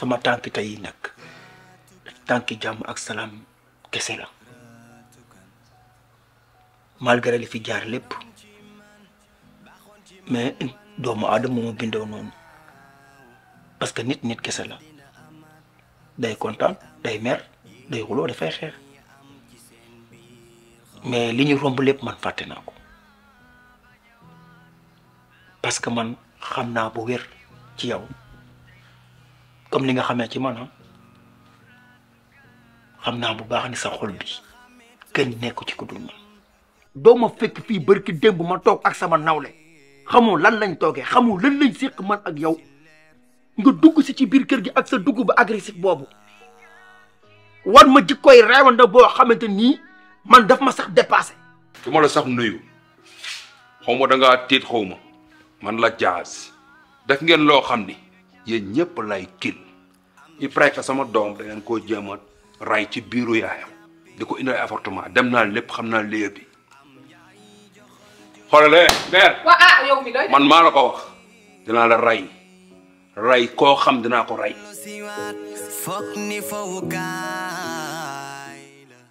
sama tànk tey nag tànki jàmm ak salaam kese la malgré li fi jaar lépp mais doomu aadama ma bindoo noonu parce que nit nit kese la day kontaan day mer day xuloo dafay xeex mais li ñu romb lépp man fàtte naa ko parce que man xamna bu wer ci yow comme ni nga xamé ci man xamna bu baax ni sa xol bi kenn nekku ci ku dul man doo ma fekk fi barki demb ma tok ak sama nawle xamoo lan lañ toogee xamoo lan lañ séq man ak yow nga dugg ci ci bir kër gi ak sa dugg ba agressif bobu wan ma jikkoy rewanda bo xamanteni man daf ma sax dépasser du ma la sax nuyu xawma da nga tit xawma man la jaas def ngeen loo xam ni yéen ñëpp lay kil i preka sama doom dangeen koo jéem ray ci biiru yaayam di ko indil ay dem naa lépp xam naa léeb bi xoolale eh, ah, man maa la ko wax dinaa la ray ray koo xam dinaa ko ray